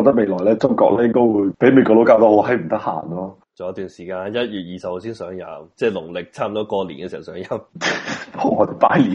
我覺得未來咧，中國咧應該會比美國佬搞到我喺唔得閒咯。仲有一段時間，一月二十號先上任，即係農曆差唔多過年嘅時候上任， 我哋拜年。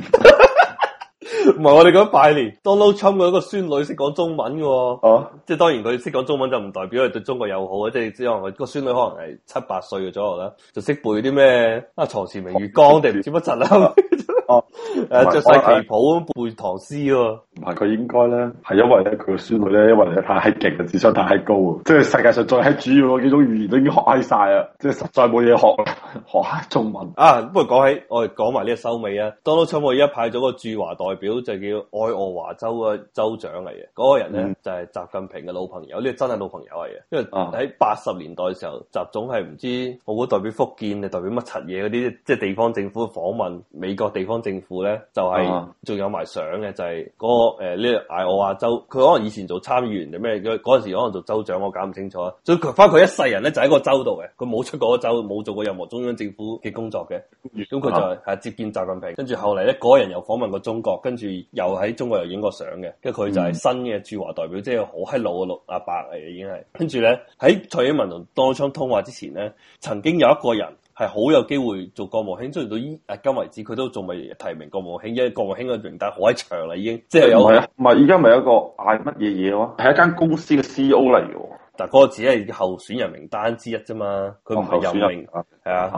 唔係 我哋講拜年，Donald Trump 嘅一個孫女識講中文嘅，啊、即係當然佢識講中文就唔代表佢對中國友好啊。即係希望佢個孫女可能係七八歲嘅左右啦，就識背啲咩啊《床前明月光》定唔知乜柒啦。 哦，誒、啊，着晒旗袍咁、啊、背唐詩喎、啊，唔係佢應該咧，係因為咧佢個孫女咧，因為你太勁啊，智商太高啊，即係世界上最主要嗰幾種語言都已經學閪晒啊。即係實在冇嘢學，學下中文啊。不過講起我哋講埋呢個收尾啊，當初我而家派咗個駐華代表就叫愛奧華州嘅州長嚟嘅，嗰、那個人咧、嗯、就係習近平嘅老朋友，呢、這、啲、個、真係老朋友嚟嘅，因為喺八十年代嘅時候，習總係唔知我會代表福建定代表乜柒嘢嗰啲，即係地方政府訪問美國地方。政府咧就係仲有埋相嘅，就係、是、嗰、那個誒，呢個艾奧瓦州，佢可能以前做參議員定咩？嗰嗰陣時可能做州長，我搞唔清楚。所以佢翻佢一世人咧就喺個州度嘅，佢冇出過個州，冇做過任何中央政府嘅工作嘅。咁佢就係接見習近平，跟住後嚟咧嗰人又訪問過中國，跟住又喺中國又影過相嘅。跟住佢就係新嘅駐華代表，即係好閪老嘅老阿伯嚟，嘅。已經係。跟住咧喺蔡英文同刀槍通話之前咧，曾經有一個人。係好有機會做國務卿，雖然到依今為止佢都仲未提名國務卿，因為國務卿嘅名單好長啦，已經即係有係啊，唔係依家咪有一個嗌乜嘢嘢咯？係一間公司嘅 CEO 嚟嘅，但係嗰個只係候選人名單之一啫嘛，佢唔係任命，係、哦、啊，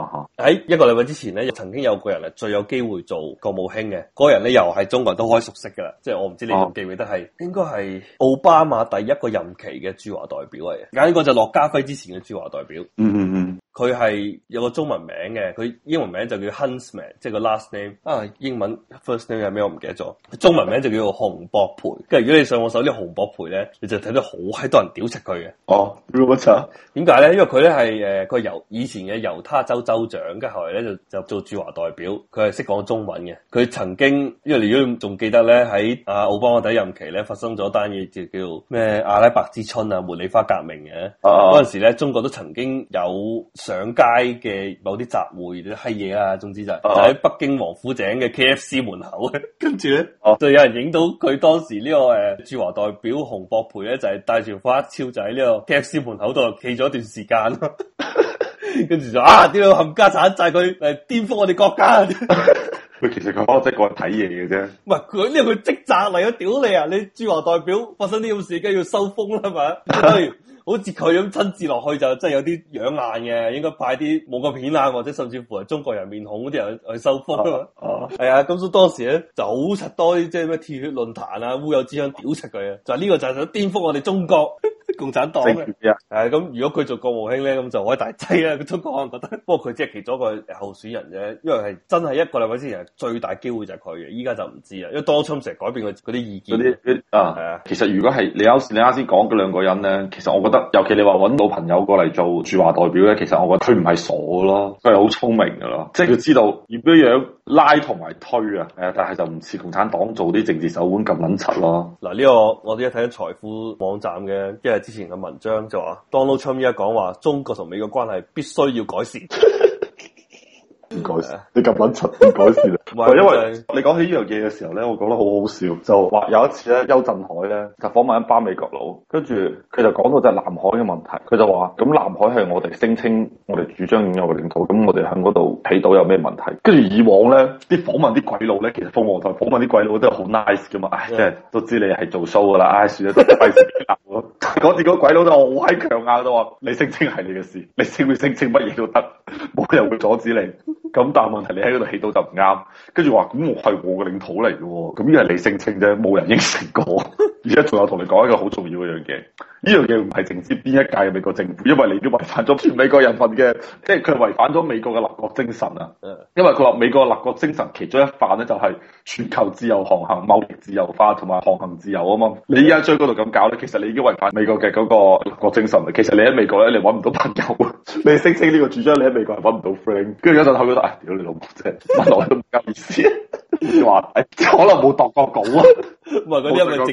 喺哈一個禮拜之前咧，曾經有個人係最有機會做國務卿嘅，嗰、那個人咧又係中國人都可以熟悉噶啦，即係我唔知你仲記唔記得，係、啊、應該係奧巴馬第一個任期嘅駐華代表嚟嘅，而家呢個就駱家輝之前嘅駐華代表，嗯嗯嗯。佢係有個中文名嘅，佢英文名就叫 Huntsman 即係個 last name。啊，英文 first name 係咩？我唔記得咗。中文名就叫做洪博培。跟住如果你上我手啲洪博培咧，你就睇到好閪多人屌柒佢嘅。哦、啊，點解咧？因為佢咧係誒個猶以前嘅猶他州州長，跟住後嚟咧就就做駐華代表。佢係識講中文嘅。佢曾經因為你如果仲記得咧喺阿奧巴馬第一任期咧發生咗單嘢就叫咩阿拉伯之春啊茉莉花革命嘅。哦哦、啊啊。嗰陣時咧中國都曾經有。上街嘅某啲集會啲閪嘢啊，總之就喺、是 uh oh. 北京王府井嘅 K F C 門口跟住咧就有人影到佢當時呢、這個誒，駐、呃、華代表洪博培咧就係戴住黑超仔呢個 K F C 門口度企咗一段時間咯，跟 住 就 啊呢個冚家鏟就係佢嚟顛覆我哋國家。 佢其實佢幫我即係過去睇嘢嘅啫。唔係，佢呢個職責嚟咗屌你啊！你駐華代表發生呢種事，梗係要收風啦嘛？係，好似佢咁親自落去就真係有啲養眼嘅，應該派啲冇咁片啊，或者甚至乎係中國人面孔嗰啲人去收風。哦，係啊，咁所以當時咧就好實多啲，即係咩鐵血論壇啊、烏有之鄉屌出佢啊！就呢個就想顛覆我哋中國。啊共產黨咧，咁、啊啊、如果佢做國務卿咧，咁就開大劑啦。中國可能覺得，不過佢即係其中一個候選人啫，因為係真係一個禮拜之前最大機會就係佢嘅，依家就唔知啦。因為當初成日改變佢嗰啲意見。啲，啊，係啊。其實如果係你啱，你啱先講嗰兩個人咧，其實我覺得，尤其你話搵到朋友過嚟做駐華代表咧，其實我覺得佢唔係傻咯，佢係好聰明噶咯，即係佢知道而樣。拉同埋推啊，誒，但係就唔似共產黨做啲政治手腕咁捻柒咯。嗱，呢個我哋一睇《財富》網站嘅，即係之前嘅文章就話，Donald Trump 而家講話，中國同美國關係必須要改善，唔改善，你咁捻柒，點改善。 因為你講起呢樣嘢嘅時候咧，我覺得好好笑。就話有一次咧，邱震海咧就訪問一班美國佬，跟住佢就講到就南海嘅問題。佢就話：咁南海係我哋聲稱、我哋主張擁有嘅領土，咁我哋喺嗰度睇到有咩問題？跟住以往咧，啲訪問啲鬼佬咧，其實鳳凰台訪問啲鬼佬都係好 nice 嘅嘛。唉的，即係都知你係做 show 噶啦。唉、哎，算啦，費事鬧咯。嗰次嗰個鬼佬就好威強硬，都話你聲稱係你嘅事，你聲唔聲稱乜嘢都得，冇人會阻止你。咁但係問題，你喺度起到就唔啱，跟住話咁我係我嘅領土嚟嘅，咁因為你聲稱啫，冇人應承過。而家仲有同你講一個好重要嘅樣嘢，呢樣嘢唔係淨止邊一屆嘅美國政府，因為你已經違反咗全美國人份嘅，即係佢違反咗美國嘅立國精神啊。因為佢話美國嘅立國精神其中一範咧，就係全球自由航行、貿易自由化同埋航行自由啊嘛。你而家喺嗰度咁搞咧，其實你已經違反美國嘅嗰個立國精神啊。其實你喺美國咧，你揾唔到朋友。你聲稱呢個主張，你喺美國係揾唔到 friend。跟住嗰陣後有屌你老母真係乜我都唔夠意思，你話，唉可能冇讀過稿啊。因係嗰啲咪直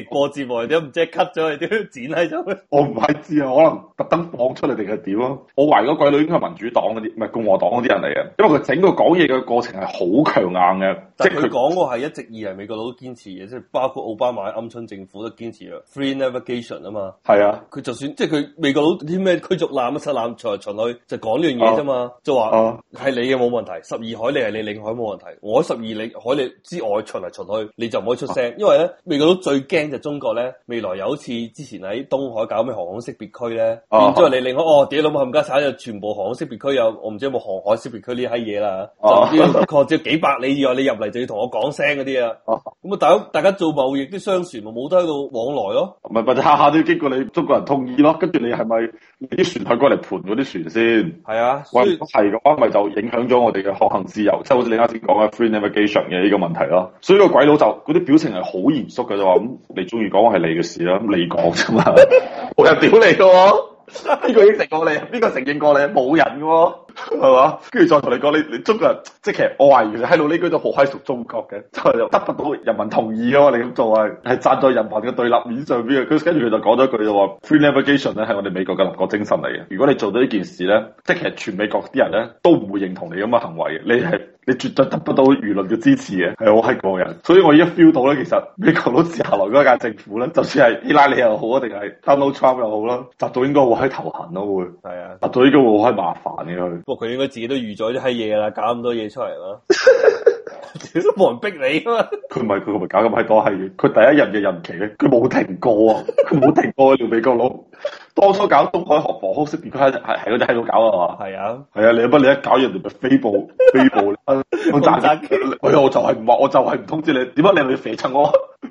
播節目啲，唔知 cut 咗佢點剪喺度。我唔係知啊，可能特登放出嚟定係點咯？我懷疑嗰鬼女應該係民主黨嗰啲，唔係共和黨嗰啲人嚟嘅，因為佢整個講嘢嘅過程係好強硬嘅。即係佢講，過係一直以嚟美國佬都堅持嘅，即係包括奧巴馬、安倍政府都堅持嘅 free navigation 啊嘛。係是啊，佢就算即係佢美國佬啲咩驅逐艦啊、七艦巡嚟巡去，就講呢樣嘢啫嘛，就話係你嘅冇問題，十二海里係你領海冇問題，我十二海里之外巡嚟巡去你就唔可以出聲，啊、因為咧美國。到最驚就中國咧，未來有一次之前喺東海搞咩航空識別區咧，變咗嚟，令我哦，屌老母冚家鏟，就全部航空識別區又我唔知有冇航海識別區呢啲嘢啦，啊、就唔知擴至、啊、幾百里以外，你入嚟就要同我講聲嗰啲啊，咁啊大，大家大家做貿易啲商船咪冇得喺度往來咯，咪咪就下下都要經過你中國人同意咯，跟住你係咪啲船係過嚟盤嗰啲船先？係啊，所以係嘅話咪就影響咗我哋嘅航行自由，即係好似你啱先講嘅 free navigation 嘅呢個問題咯。所以個鬼佬就嗰啲表情係好嚴肅嘅。就話咁，你中意講係你嘅事啦，咁你講啫嘛，我又屌你嘅，邊個應承過你？邊個承認過你、啊？冇人嘅，係嘛？跟住再同你講，你你中國人，即係其實我懷疑，喺到呢句都好閪屬中國嘅，就係又得不到人民同意嘅嘛，你咁做係係站在人民嘅對立面上邊嘅。跟住佢就講咗一句就話，free navigation 咧係我哋美國嘅立國精神嚟嘅。如果你做到呢件事咧，即係其實全美國啲人咧都唔會認同你咁嘅行為，你係。你絕對得不到輿論嘅支持嘅，係我係個人，所以我一 feel 到咧，其實美國佬接下來嗰一屆政府咧，就算係希拉里又好啊，定係 Donald Trump 又好啦，達到應該會喺頭痕咯，會係啊，達到應該會喺麻煩嘅。不過佢應該自己都預咗一閪嘢啦，搞咁多嘢出嚟啦，都冇 人逼你啊嘛。佢唔係佢咪搞咁閪多係嘅，佢第一任嘅任期咧，佢冇停過啊，佢冇停過啊，你 美國佬。當初搞東海學房，好識邊個喺喺度搞啊嘛？係啊，係啊，你唔你一搞人哋咪飛步。飛步，咁賺翻錢。我我就係唔話，我就係唔通知你，點解你咪肥襯我？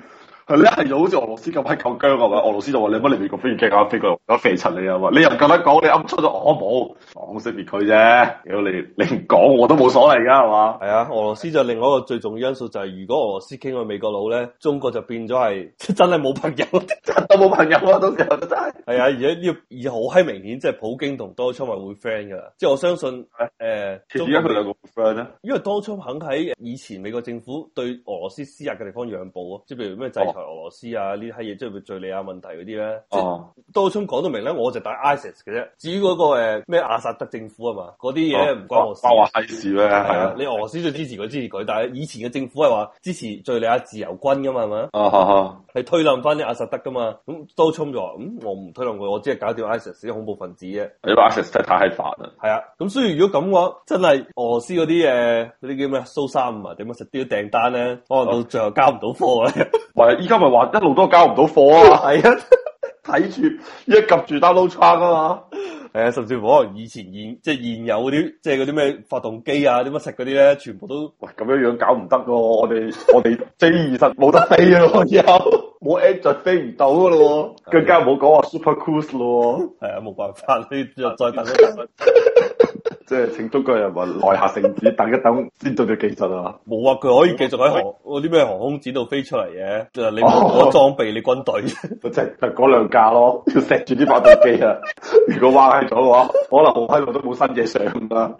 佢一係就好似俄羅斯咁閪咁僵嘅，俄羅斯就話你乜你美國飛機啱飛過，咗肥塵你又話，你又咁樣講，你啱出咗、哦哦、我冇，講識別佢啫。屌你，你唔講我都冇所謂㗎，係嘛？係啊，俄羅斯就另外一個最重要因素就係、是，如果俄羅斯傾向美國佬咧，中國就變咗係真係冇朋友，真都冇朋友啊！當時真係。係啊，而家呢個好閪明顯，即係普京同多初咪會 friend 嘅啦。即係我相信誒，欸、其實 中佢兩個 friend 咧，為好因為多初肯喺以前美國政府對俄羅斯施壓嘅地方讓步啊，即係譬如咩制。俄羅斯啊，呢啲閪嘢，即係敘利亞問題嗰啲咧，即都刀沖講到明咧，我就打 ISIS 嘅啫。至於嗰個誒咩阿薩德政府啊嘛，嗰啲嘢唔關我事。包事係啊，你俄羅斯就支持佢支持佢，但係以前嘅政府係話支持敘利亞自由軍噶嘛，係咪啊？係推冧翻啲阿薩德噶嘛，咁刀沖就話，嗯，我唔推冧佢，我只係搞掂 ISIS 啲恐怖分子啫。你話 ISIS 真係太閪煩啦。係啊，咁雖然如果咁嘅話，真係俄羅斯嗰啲誒嗰啲叫咩蘇三啊，點樣食啲訂單咧，可能到最後交唔到貨咧。而家咪話一路都交唔到貨啊！係 啊，睇住一及住 download truck 啊嘛，誒，甚至乎可能以前現即係現有嗰啲，即係嗰啲咩發動機啊，啲乜食嗰啲咧，全部都喂咁樣樣搞唔得咯！我哋我哋 J 二十冇得飛啊， 以後冇 e 就 g 飛唔到噶咯，了更加唔好講話 Super Cruise 咯，係啊、欸，冇辦法，你又再等一等 即係請中國人話耐下性子等一等，先到到技術啊！冇啊，佢可以繼續喺航啲咩航空展度飛出嚟嘅，就你冇嗰裝備，你軍隊就即係得兩架咯，要錫住啲發動機啊！如果歪歪咗嘅話，可能好閪耐都冇新嘢上啦。